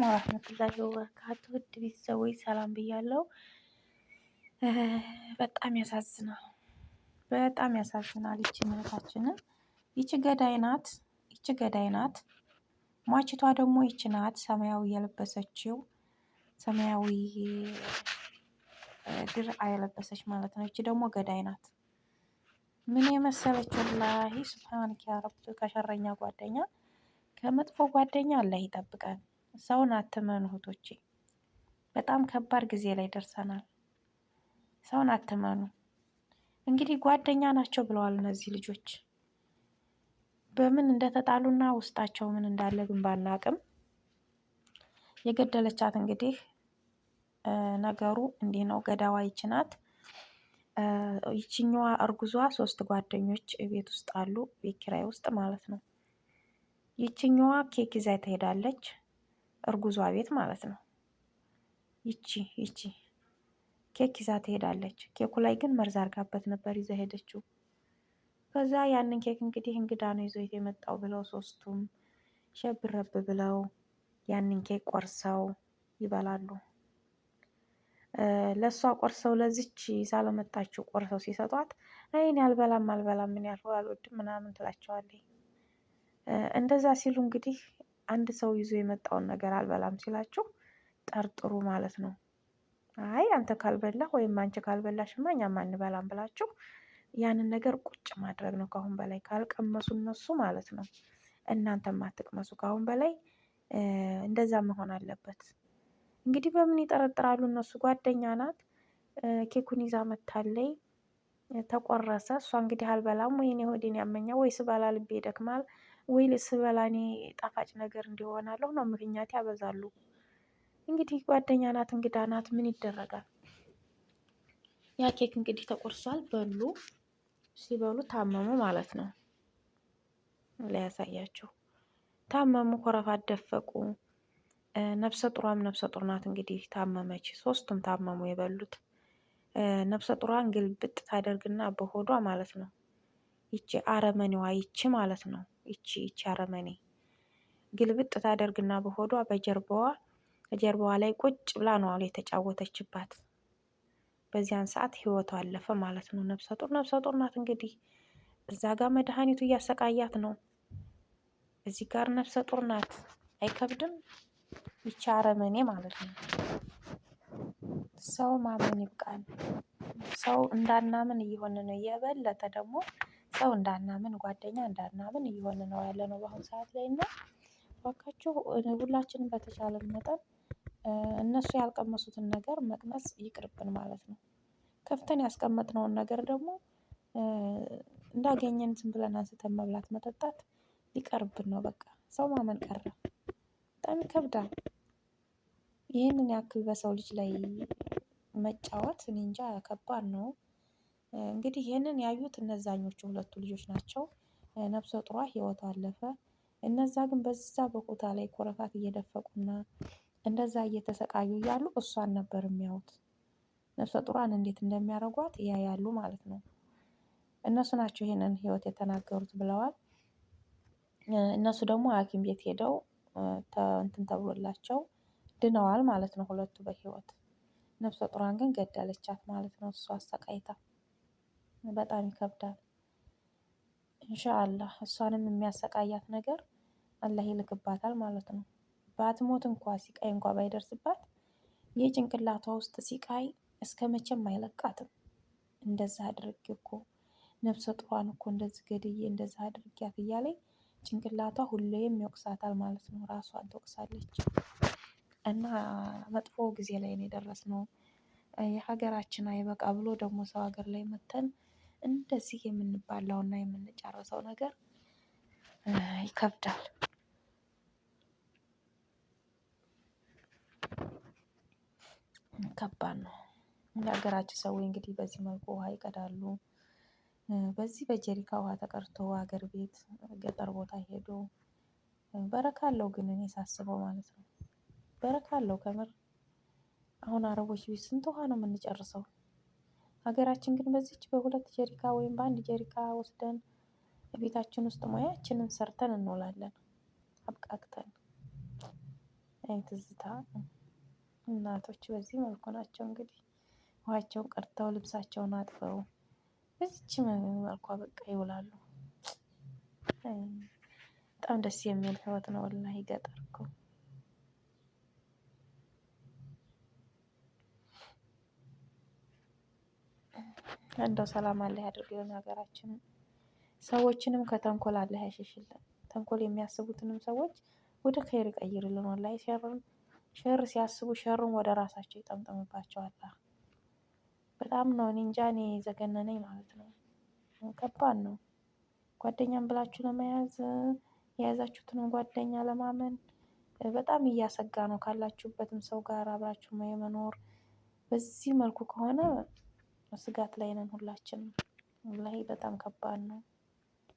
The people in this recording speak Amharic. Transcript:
ወራህመቱላሂ ወበረካቱ ውድ ቤተሰቦች ሰላም ብያለሁ። በጣም ያሳዝናል፣ በጣም ያሳዝናል። ይቺ እህታችንን ይቺ ገዳይ ናት፣ ይቺ ገዳይ ናት። ሟችቷ ደግሞ ይቺ ናት፣ ሰማያዊ የለበሰችው ሰማያዊ ድር አየለበሰች ማለት ነው። ይቺ ደግሞ ገዳይ ናት። ምን የመሰለችው ላሂ ስብሓንክ ያ ከሸረኛ ጓደኛ ከመጥፎ ጓደኛ አላህ ይጠብቀን። ሰውን አትመኑ እህቶቼ፣ በጣም ከባድ ጊዜ ላይ ደርሰናል። ሰውን አትመኑ። እንግዲህ ጓደኛ ናቸው ብለዋል እነዚህ ልጆች። በምን እንደተጣሉና ውስጣቸው ምን እንዳለ ግን ባናቅም የገደለቻት እንግዲህ ነገሩ እንዲህ ነው። ገዳዋ ይችናት ናት። ይችኛዋ እርጉዟ ሶስት ጓደኞች ቤት ውስጥ አሉ፣ ቤት ኪራይ ውስጥ ማለት ነው። ይችኛዋ ኬክ ይዛ ትሄዳለች። እርጉዟ ቤት ማለት ነው። ይቺ ይቺ ኬክ ይዛ ትሄዳለች። ኬኩ ላይ ግን መርዝ አርጋበት ነበር ይዛ ሄደችው። ከዛ ያንን ኬክ እንግዲህ እንግዳ ነው ይዞ የመጣው ብለው ሶስቱም ሸብረብ ብለው ያንን ኬክ ቆርሰው ይበላሉ። ለእሷ ቆርሰው ለዚች ሳለመጣችው ቆርሰው ሲሰጧት እኔን አልበላም አልበላም ምን ያልሆ አልወድም ምናምን ትላቸዋለች። እንደዛ ሲሉ እንግዲህ አንድ ሰው ይዞ የመጣውን ነገር አልበላም ሲላችሁ ጠርጥሩ ማለት ነው። አይ አንተ ካልበላህ ወይም አንቺ ካልበላሽማ እኛም አንበላም ብላችሁ ያንን ነገር ቁጭ ማድረግ ነው። ከአሁን በላይ ካልቀመሱ እነሱ ማለት ነው። እናንተ ማትቅመሱ ከአሁን በላይ እንደዛ መሆን አለበት። እንግዲህ በምን ይጠረጥራሉ እነሱ? ጓደኛ ናት ኬኩን ይዛ መታለይ ተቆረሰ። እሷ እንግዲህ አልበላም ወይኔ ሆዴን ያመኛ ወይስ በላ ልቤ ይደክማል ወይ ስበላ እኔ ጣፋጭ ነገር እንዲሆናለሁ ነው ምክንያት ያበዛሉ። እንግዲህ ጓደኛ ናት እንግዳ ናት ምን ይደረጋል? ያ ኬክ እንግዲህ ተቆርሷል በሉ ሲበሉ ታመሙ ማለት ነው። ላያሳያቸው ታመሙ፣ ኮረፋ አደፈቁ። ነፍሰ ጡሯም ነፍሰ ጡር ናት እንግዲህ ታመመች። ሶስቱም ታመሙ የበሉት ነፍሰ ጡሯን ግልብጥ ታደርግና በሆዷ ማለት ነው ይቺ አረመኔዋ ይቺ ማለት ነው። ይቺ ይቺ አረመኔ ግልብጥ ታደርግና በሆዷ በጀርባዋ በጀርባዋ ላይ ቁጭ ብላ ነው አሉ የተጫወተችባት። በዚያን ሰዓት ህይወቷ አለፈ ማለት ነው። ነፍሰ ጡር ነፍሰ ጡር ናት እንግዲህ እዛ ጋር መድኃኒቱ እያሰቃያት ነው። እዚህ ጋር ነፍሰ ጡር ናት። አይከብድም? ይቺ አረመኔ ማለት ነው። ሰው ማመን ይብቃል። ሰው እንዳናምን እየሆነ ነው። የበለጠ ደግሞ ሰው እንዳናምን ጓደኛ እንዳናምን እየሆነ ነው ያለነው በአሁኑ ሰዓት ላይ እና እባካችሁ ሁላችንም በተቻለን መጠን እነሱ ያልቀመሱትን ነገር መቅመስ ይቅርብን ማለት ነው። ከፍተን ያስቀመጥነውን ነገር ደግሞ እንዳገኘን ዝም ብለን አንስተን መብላት መጠጣት ሊቀርብን ነው። በቃ ሰው ማመን ቀረ። በጣም ይከብዳል። ይህንን ያክል በሰው ልጅ ላይ መጫወት እኔ እንጃ ከባድ ነው። እንግዲህ ይህንን ያዩት እነዛኞቹ ሁለቱ ልጆች ናቸው። ነፍሰ ጡሯ ህይወቷ አለፈ። እነዛ ግን በዛ በቁታ ላይ ኮረፋት እየደፈቁና እንደዛ እየተሰቃዩ እያሉ እሷን ነበር የሚያዩት። ነፍሰ ጡሯን እንዴት እንደሚያደርጓት ያያሉ ማለት ነው። እነሱ ናቸው ይህንን ህይወት የተናገሩት ብለዋል። እነሱ ደግሞ ሐኪም ቤት ሄደው እንትን ተብሎላቸው ድነዋል ማለት ነው። ሁለቱ በህይወት ነፍሰ ጡሯን ግን ገደለቻት ማለት ነው። እሷ አሰቃይታ በጣም ይከብዳል። እንሻአላህ እሷንም የሚያሰቃያት ነገር አላህ ይልክባታል ማለት ነው። ባትሞት እንኳ ሲቃይ እንኳ ባይደርስባት የጭንቅላቷ ውስጥ ሲቃይ እስከ መቼም አይለቃትም። እንደዛ አድርጌ እኮ ነፍሰ ጥሯን እኮ እንደዚህ ገድዬ እንደዛ አድርጊያት እያለኝ ጭንቅላቷ ሁሌም ይወቅሳታል ማለት ነው። ራሷን ትወቅሳለች እና መጥፎ ጊዜ ላይ ነው የደረስነው። የሀገራችን አይበቃ ብሎ ደግሞ ሰው ሀገር ላይ መተን እንደዚህ እና የምንጨረሰው ነገር ይከብዳል። ከባድ ነው። የሀገራችን ሰዎ እንግዲህ በዚህ መልኩ ውሃ ይቀዳሉ። በዚህ በጀሪካ ውሃ ተቀርቶ ሀገር ቤት ገጠር ቦታ ሄዶ በረካ አለው። ግን እኔ ሳስበው ማለት ነው በረካ አለው ከምር። አሁን አረቦች ቤት ስንት ውሃ ነው የምንጨርሰው? ሀገራችን ግን በዚች በሁለት ጀሪካ ወይም በአንድ ጀሪካ ወስደን ቤታችን ውስጥ ሙያችንን ሰርተን እንውላለን። አብቃቅተን ትዝታ እናቶች በዚህ መልኩ ናቸው እንግዲህ ውሃቸውን ቀድተው ልብሳቸውን አጥበው በዚች መልኳ በቃ ይውላሉ። በጣም ደስ የሚል ህይወት ነው ወላሂ ገጠር እኮ እንደው ሰላም አለ ያደርግልን ሀገራችን፣ ሰዎችንም ከተንኮል አለ ያሸሽልን። ተንኮል የሚያስቡትንም ሰዎች ወደ ከይር ቀይርልን። ወላሂ ሸርን ሸር ሲያስቡ ሸሩን ወደ ራሳቸው አላ በጣም ነው እኔ እንጃ እኔ ዘገነነኝ ማለት ነው። ከባድ ነው። ጓደኛም ብላችሁ ለመያዝ የያዛችሁትንም ጓደኛ ለማመን በጣም እያሰጋ ነው። ካላችሁበትም ሰው ጋር አብራችሁ የመኖር በዚህ መልኩ ከሆነ ነው። ስጋት ላይ ነን ሁላችንም። ላይ በጣም ከባድ ነው።